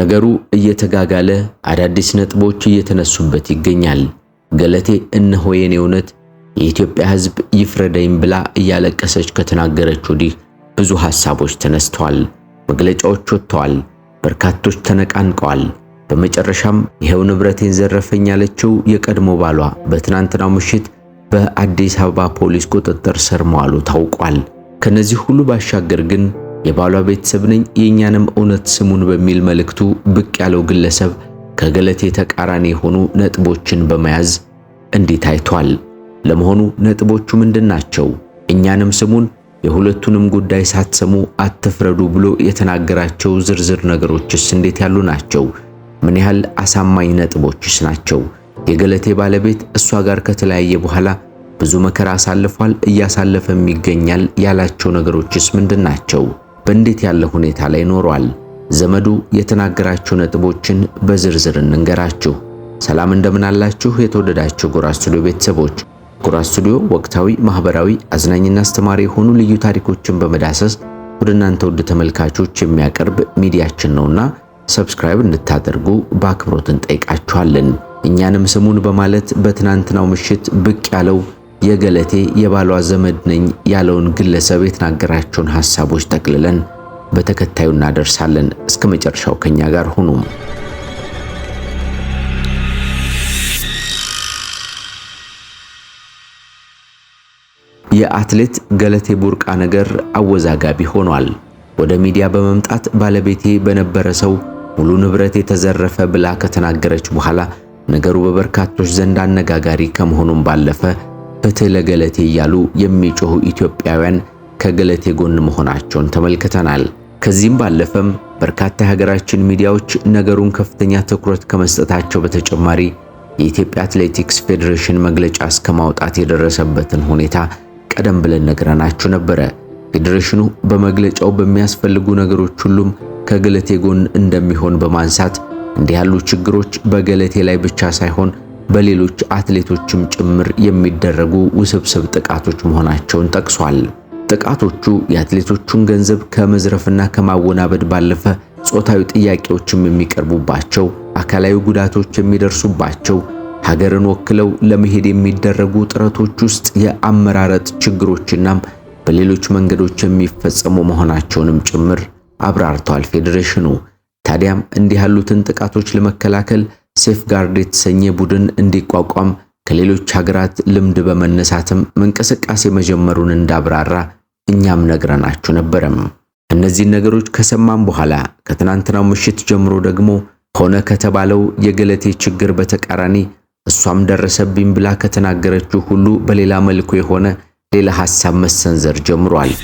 ነገሩ እየተጋጋለ አዳዲስ ነጥቦች እየተነሱበት ይገኛል። ገለቴ እነሆ የኔ እውነት የኢትዮጵያ ሕዝብ ይፍረደኝ ብላ እያለቀሰች ከተናገረች ወዲህ ብዙ ሐሳቦች ተነስተዋል። መግለጫዎች ወጥተዋል። በርካቶች ተነቃንቀዋል። በመጨረሻም ይኸው ንብረቴን ዘረፈኝ ያለችው የቀድሞ ባሏ በትናንትናው ምሽት በአዲስ አበባ ፖሊስ ቁጥጥር ስር መዋሉ ታውቋል። ከነዚህ ሁሉ ባሻገር ግን የባሏ ቤተሰብ ነኝ የእኛንም እውነት ስሙን በሚል መልእክቱ ብቅ ያለው ግለሰብ ከገለቴ ተቃራኒ የሆኑ ነጥቦችን በመያዝ እንዲህ ታይቷል። ለመሆኑ ነጥቦቹ ናቸው? እኛንም ስሙን የሁለቱንም ጉዳይ ሳትሰሙ አትፍረዱ ብሎ የተናገራቸው ዝርዝር ነገሮችስ እንዴት ያሉ ናቸው? ምን ያህል አሳማኝ ነጥቦችስ ናቸው? የገለቴ ባለቤት እሷ ጋር ከተለያየ በኋላ ብዙ መከራ አሳልፏል፣ እያሳለፈም ይገኛል ያላቸው ነገሮችስ ናቸው? በእንዴት ያለ ሁኔታ ላይ ኖሯል? ዘመዱ የተናገራቸው ነጥቦችን በዝርዝር እንንገራችሁ። ሰላም እንደምን አላችሁ? የተወደዳችሁ ጎራ ስቱዲዮ ቤተሰቦች፣ ጎራ ስቱዲዮ ወቅታዊ፣ ማህበራዊ፣ አዝናኝና አስተማሪ የሆኑ ልዩ ታሪኮችን በመዳሰስ ወደ እናንተ ውድ ተመልካቾች የሚያቀርብ ሚዲያችን ነውና ሰብስክራይብ እንድታደርጉ በአክብሮት እንጠይቃችኋለን። እኛንም ስሙን በማለት በትናንትናው ምሽት ብቅ ያለው የገለቴ የባሏ ዘመድ ነኝ ያለውን ግለሰብ የተናገራቸውን ሐሳቦች ጠቅልለን በተከታዩ እናደርሳለን። እስከ መጨረሻው ከኛ ጋር ሁኑ። የአትሌት ገለቴ ቡርቃ ነገር አወዛጋቢ ሆኗል። ወደ ሚዲያ በመምጣት ባለቤቴ በነበረ ሰው ሙሉ ንብረት የተዘረፈ ብላ ከተናገረች በኋላ ነገሩ በበርካቶች ዘንድ አነጋጋሪ ከመሆኑም ባለፈ ፍትህ ለገለቴ እያሉ የሚጮሁ ኢትዮጵያውያን ከገለቴ ጎን መሆናቸውን ተመልክተናል። ከዚህም ባለፈም በርካታ የሀገራችን ሚዲያዎች ነገሩን ከፍተኛ ትኩረት ከመስጠታቸው በተጨማሪ የኢትዮጵያ አትሌቲክስ ፌዴሬሽን መግለጫ እስከ ማውጣት የደረሰበትን ሁኔታ ቀደም ብለን ነግረናችሁ ነበረ። ፌዴሬሽኑ በመግለጫው በሚያስፈልጉ ነገሮች ሁሉም ከገለቴ ጎን እንደሚሆን በማንሳት እንዲህ ያሉ ችግሮች በገለቴ ላይ ብቻ ሳይሆን በሌሎች አትሌቶችም ጭምር የሚደረጉ ውስብስብ ጥቃቶች መሆናቸውን ጠቅሷል። ጥቃቶቹ የአትሌቶቹን ገንዘብ ከመዝረፍና ከማወናበድ ባለፈ ጾታዊ ጥያቄዎችም የሚቀርቡባቸው፣ አካላዊ ጉዳቶች የሚደርሱባቸው፣ ሀገርን ወክለው ለመሄድ የሚደረጉ ጥረቶች ውስጥ የአመራረጥ ችግሮችናም በሌሎች መንገዶች የሚፈጸሙ መሆናቸውንም ጭምር አብራርቷል ፌዴሬሽኑ። ታዲያም እንዲህ ያሉትን ጥቃቶች ለመከላከል ሴፍ ጋርድ የተሰኘ ቡድን እንዲቋቋም ከሌሎች ሀገራት ልምድ በመነሳትም እንቅስቃሴ መጀመሩን እንዳብራራ እኛም ነግረናችሁ ነበረም። እነዚህን ነገሮች ከሰማም በኋላ ከትናንትናው ምሽት ጀምሮ ደግሞ ሆነ ከተባለው የገለቴ ችግር በተቃራኒ እሷም ደረሰብኝ ብላ ከተናገረችው ሁሉ በሌላ መልኩ የሆነ ሌላ ሐሳብ መሰንዘር ጀምሯል።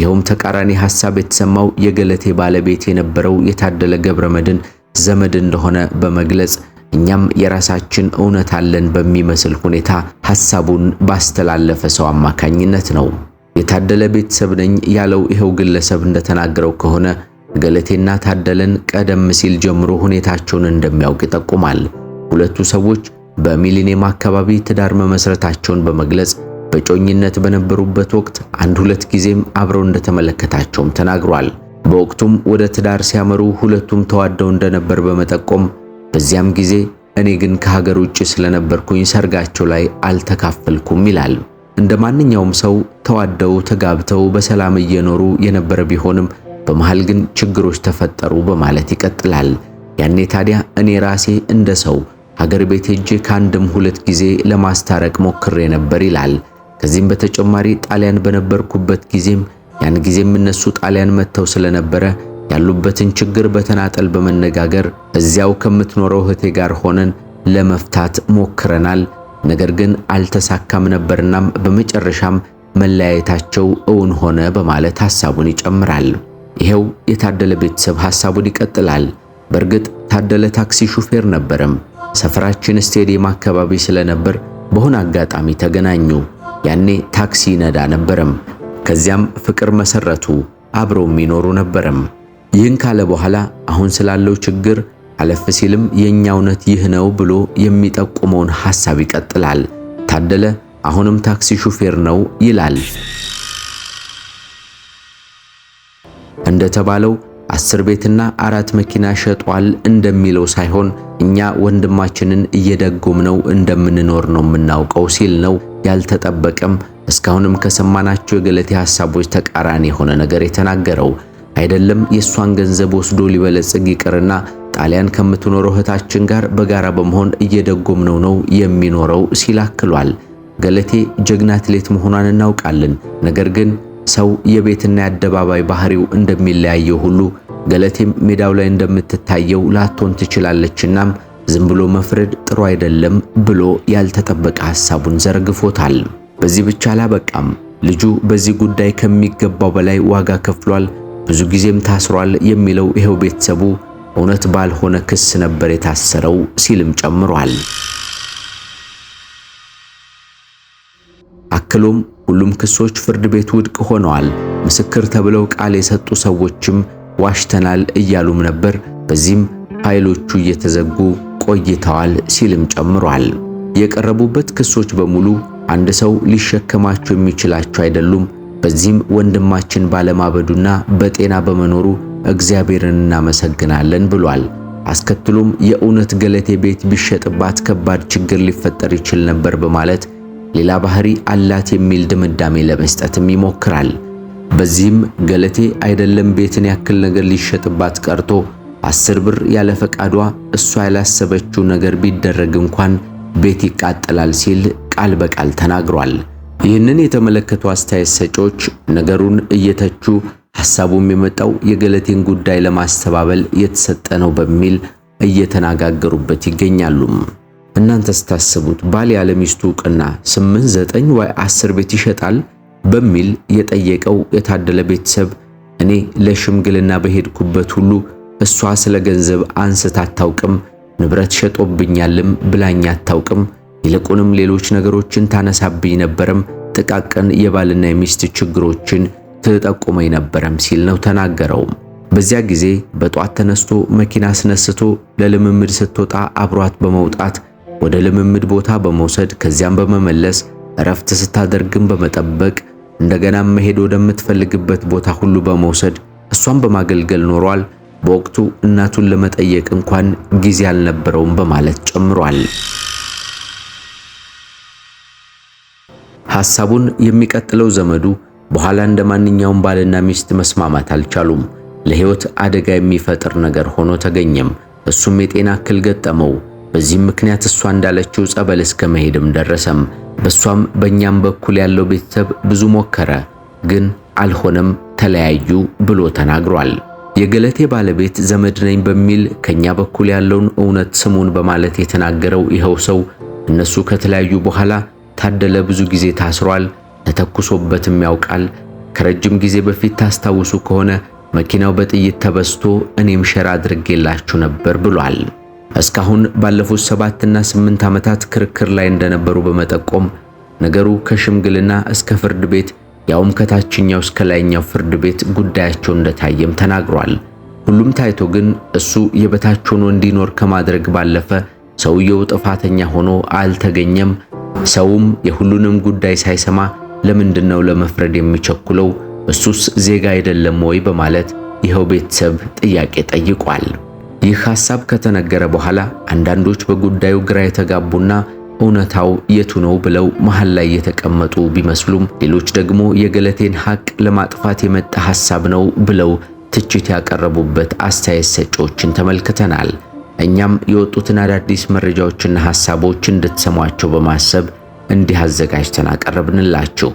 ይኸውም ተቃራኒ ሐሳብ የተሰማው የገለቴ ባለቤት የነበረው የታደለ ገብረ መድን ዘመድ እንደሆነ በመግለጽ እኛም የራሳችን እውነት አለን በሚመስል ሁኔታ ሐሳቡን ባስተላለፈ ሰው አማካኝነት ነው። የታደለ ቤተሰብ ነኝ ያለው ይኸው ግለሰብ እንደተናገረው ከሆነ ገለቴና ታደለን ቀደም ሲል ጀምሮ ሁኔታቸውን እንደሚያውቅ ይጠቁማል። ሁለቱ ሰዎች በሚሊኒየም አካባቢ ትዳር መመስረታቸውን በመግለጽ በጮኝነት በነበሩበት ወቅት አንድ ሁለት ጊዜም አብረው እንደተመለከታቸውም ተናግሯል። በወቅቱም ወደ ትዳር ሲያመሩ ሁለቱም ተዋደው እንደነበር በመጠቆም በዚያም ጊዜ እኔ ግን ከሀገር ውጭ ስለነበርኩኝ ሰርጋቸው ላይ አልተካፈልኩም ይላል። እንደ ማንኛውም ሰው ተዋደው ተጋብተው በሰላም እየኖሩ የነበረ ቢሆንም በመሃል ግን ችግሮች ተፈጠሩ በማለት ይቀጥላል። ያኔ ታዲያ እኔ ራሴ እንደ ሰው ሀገር ቤት ሄጄ ከአንድም ሁለት ጊዜ ለማስታረቅ ሞክሬ ነበር ይላል። ከዚህም በተጨማሪ ጣሊያን በነበርኩበት ጊዜም ያን ጊዜም እነሱ ጣሊያን መጥተው ስለነበረ ያሉበትን ችግር በተናጠል በመነጋገር እዚያው ከምትኖረው እህቴ ጋር ሆነን ለመፍታት ሞክረናል። ነገር ግን አልተሳካም ነበርናም በመጨረሻም መለያየታቸው እውን ሆነ በማለት ሐሳቡን ይጨምራል። ይሄው የታደለ ቤተሰብ ሐሳቡን ይቀጥላል። በእርግጥ ታደለ ታክሲ ሹፌር ነበረም። ሰፈራችን ስቴዲየም አካባቢ ስለነበር በሆነ አጋጣሚ ተገናኙ። ያኔ ታክሲ ነዳ ነበረም። ከዚያም ፍቅር መሰረቱ፣ አብረው የሚኖሩ ነበረም። ይህን ካለ በኋላ አሁን ስላለው ችግር አለፍ ሲልም የኛ እውነት ይህ ነው ብሎ የሚጠቁመውን ሐሳብ ይቀጥላል። ታደለ አሁንም ታክሲ ሹፌር ነው ይላል። እንደተባለው አስር ቤትና አራት መኪና ሸጧል እንደሚለው ሳይሆን እኛ ወንድማችንን እየደጎምነው እንደምንኖር ነው የምናውቀው ሲል ነው ያልተጠበቀም እስካሁንም ከሰማናቸው የገለቴ ሐሳቦች ተቃራኒ የሆነ ነገር የተናገረው አይደለም። የእሷን ገንዘብ ወስዶ ሊበለጽግ ይቅርና ጣሊያን ከምትኖረው እህታችን ጋር በጋራ በመሆን እየደጎምነው ነው የሚኖረው ሲል አክሏል። ገለቴ ጀግና አትሌት መሆኗን እናውቃለን። ነገር ግን ሰው የቤትና የአደባባይ ባህሪው እንደሚለያየው ሁሉ ገለቴም ሜዳው ላይ እንደምትታየው ላትሆን ትችላለችናም ዝም ብሎ መፍረድ ጥሩ አይደለም ብሎ ያልተጠበቀ ሐሳቡን ዘርግፎታል። በዚህ ብቻ አላበቃም። ልጁ በዚህ ጉዳይ ከሚገባው በላይ ዋጋ ከፍሏል፣ ብዙ ጊዜም ታስሯል የሚለው ይሄው ቤተሰቡ እውነት ባልሆነ ክስ ነበር የታሰረው ሲልም ጨምሯል። አክሎም ሁሉም ክሶች ፍርድ ቤት ውድቅ ሆነዋል፣ ምስክር ተብለው ቃል የሰጡ ሰዎችም ዋሽተናል እያሉም ነበር። በዚህም ፋይሎቹ እየተዘጉ ቆይተዋል ሲልም ጨምሯል። የቀረቡበት ክሶች በሙሉ አንድ ሰው ሊሸከማቸው የሚችላቸው አይደሉም። በዚህም ወንድማችን ባለማበዱና በጤና በመኖሩ እግዚአብሔርን እናመሰግናለን ብሏል። አስከትሎም የእውነት ገለቴ ቤት ቢሸጥባት ከባድ ችግር ሊፈጠር ይችል ነበር በማለት ሌላ ባህሪ አላት የሚል ድምዳሜ ለመስጠትም ይሞክራል። በዚህም ገለቴ አይደለም ቤትን ያክል ነገር ሊሸጥባት ቀርቶ አስር ብር ያለ ፈቃዷ እሷ ያላሰበችው ነገር ቢደረግ እንኳን ቤት ይቃጠላል ሲል ቃል በቃል ተናግሯል። ይህንን የተመለከቱ አስተያየት ሰጪዎች ነገሩን እየተቹ ሐሳቡም የመጣው የገለቴን ጉዳይ ለማስተባበል የተሰጠ ነው በሚል እየተናጋገሩበት ይገኛሉ። እናንተ ስታስቡት ባል ያለ ሚስቱ ዕውቅና 8 9 ወይ 10 ቤት ይሸጣል በሚል የጠየቀው የታደለ ቤተሰብ እኔ ለሽምግልና በሄድኩበት ሁሉ እሷ ስለ ገንዘብ አንስታ አታውቅም፣ ንብረት ሸጦብኛልም ብላኝ አታውቅም። ይልቁንም ሌሎች ነገሮችን ታነሳብኝ ነበረም፣ ጥቃቅን የባልና የሚስት ችግሮችን ትጠቁመኝ ነበረም ሲል ነው ተናገረውም። በዚያ ጊዜ በጧት ተነስቶ መኪና አስነስቶ ለልምምድ ስትወጣ አብሯት በመውጣት ወደ ልምምድ ቦታ በመውሰድ ከዚያም በመመለስ እረፍት ስታደርግም በመጠበቅ እንደገና መሄድ ወደምትፈልግበት ቦታ ሁሉ በመውሰድ እሷን በማገልገል ኖሯል። በወቅቱ እናቱን ለመጠየቅ እንኳን ጊዜ አልነበረውም በማለት ጨምሯል። ሐሳቡን የሚቀጥለው ዘመዱ በኋላ እንደ ማንኛውም ባልና ሚስት መስማማት አልቻሉም። ለሕይወት አደጋ የሚፈጥር ነገር ሆኖ ተገኘም። እሱም የጤና እክል ገጠመው። በዚህም ምክንያት እሷ እንዳለችው ጸበል እስከ መሄድም ደረሰም። በእሷም በእኛም በኩል ያለው ቤተሰብ ብዙ ሞከረ፣ ግን አልሆነም፣ ተለያዩ ብሎ ተናግሯል። የገለቴ ባለቤት ዘመድ ነኝ በሚል ከኛ በኩል ያለውን እውነት ስሙን በማለት የተናገረው ይኸው ሰው እነሱ ከተለያዩ በኋላ ታደለ ብዙ ጊዜ ታስሯል፣ ተተኩሶበትም ያውቃል። ከረጅም ጊዜ በፊት ታስታውሱ ከሆነ መኪናው በጥይት ተበስቶ እኔም ሸራ አድርጌላችሁ ነበር ብሏል። እስካሁን ባለፉት ሰባትና ስምንት ዓመታት ክርክር ላይ እንደነበሩ በመጠቆም ነገሩ ከሽምግልና እስከ ፍርድ ቤት ያውም ከታችኛው እስከ ላይኛው ፍርድ ቤት ጉዳያቸው እንደታየም ተናግሯል። ሁሉም ታይቶ ግን እሱ የበታችውን እንዲኖር ከማድረግ ባለፈ ሰውየው ጥፋተኛ ሆኖ አልተገኘም። ሰውም የሁሉንም ጉዳይ ሳይሰማ ለምንድን ነው ለመፍረድ የሚቸኩለው? እሱስ ዜጋ አይደለም ወይ? በማለት ይኸው ቤተሰብ ጥያቄ ጠይቋል። ይህ ሐሳብ ከተነገረ በኋላ አንዳንዶች በጉዳዩ ግራ የተጋቡና እውነታው የቱ ነው ብለው መሃል ላይ የተቀመጡ ቢመስሉም፣ ሌሎች ደግሞ የገለቴን ሀቅ ለማጥፋት የመጣ ሐሳብ ነው ብለው ትችት ያቀረቡበት አስተያየት ሰጪዎችን ተመልክተናል። እኛም የወጡትን አዳዲስ መረጃዎችና ሐሳቦች እንድትሰሟቸው በማሰብ እንዲህ አዘጋጅተን አቀረብንላችሁ።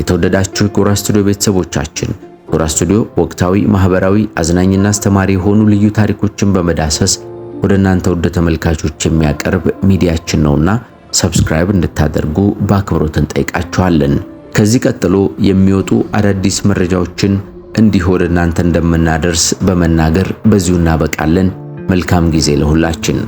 የተወደዳችሁ ጎራ ስቱዲዮ ቤተሰቦቻችን ጎራ ስቱዲዮ ወቅታዊ፣ ማህበራዊ፣ አዝናኝና አስተማሪ የሆኑ ልዩ ታሪኮችን በመዳሰስ ወደ እናንተ ወደ ተመልካቾች የሚያቀርብ ሚዲያችን ነውና ሰብስክራይብ እንድታደርጉ በአክብሮት እንጠይቃችኋለን። ከዚህ ቀጥሎ የሚወጡ አዳዲስ መረጃዎችን እንዲህ ወደ እናንተ እንደምናደርስ በመናገር በዚሁ እናበቃለን። መልካም ጊዜ ለሁላችን።